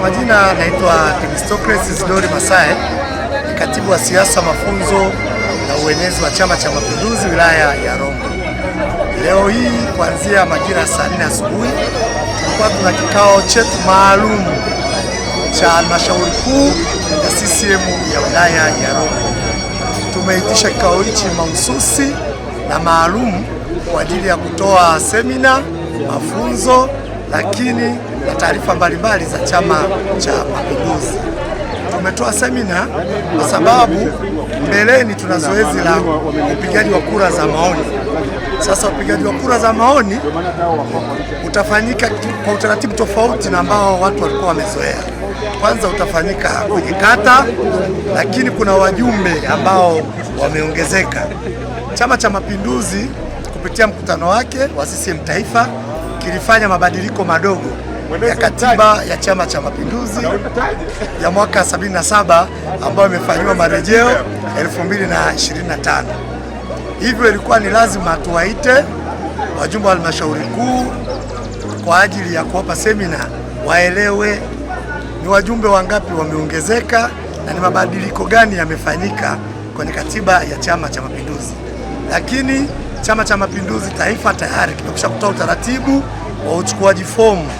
Kwa majina naitwa Themistocles Isidori Masai, ni katibu wa siasa, mafunzo na uenezi wa Chama cha Mapinduzi wilaya ya Rombo. Leo hii kuanzia majira saa nne asubuhi tulikuwa tuna kikao chetu maalum cha halmashauri kuu ya CCM ya wilaya ya Rombo. Tumeitisha kikao hichi mahususi na maalum kwa ajili ya kutoa semina, mafunzo lakini ya taarifa mbalimbali za Chama cha Mapinduzi. Tumetoa semina kwa sababu mbeleni tuna zoezi la upigaji wa kura za maoni. Sasa upigaji wa kura za maoni utafanyika kwa utaratibu tofauti na ambao watu walikuwa wamezoea. Kwanza utafanyika kwenye kata, lakini kuna wajumbe ambao wameongezeka. Chama cha Mapinduzi kupitia mkutano wake wa CCM Taifa kilifanya mabadiliko madogo ya katiba ya Chama cha Mapinduzi ya mwaka 77 ambayo imefanyiwa marejeo 2025. Hivyo ilikuwa ni lazima tuwaite wajumbe wa halmashauri kuu kwa ajili ya kuwapa semina, waelewe ni wajumbe wangapi wameongezeka na ni mabadiliko gani yamefanyika kwenye katiba ya Chama cha Mapinduzi. Lakini Chama cha Mapinduzi taifa tayari kimekwisha kutoa utaratibu wa uchukuaji fomu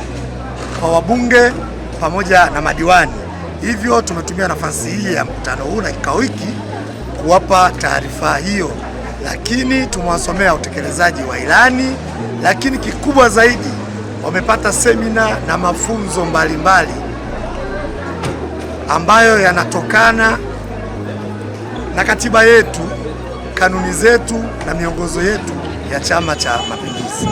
kwa wabunge pamoja na madiwani. Hivyo tumetumia nafasi hii ya mkutano huu na kikao hiki kuwapa taarifa hiyo, lakini tumewasomea utekelezaji wa ilani, lakini kikubwa zaidi wamepata semina na mafunzo mbalimbali mbali ambayo yanatokana na katiba yetu, kanuni zetu na miongozo yetu ya Chama cha Mapinduzi.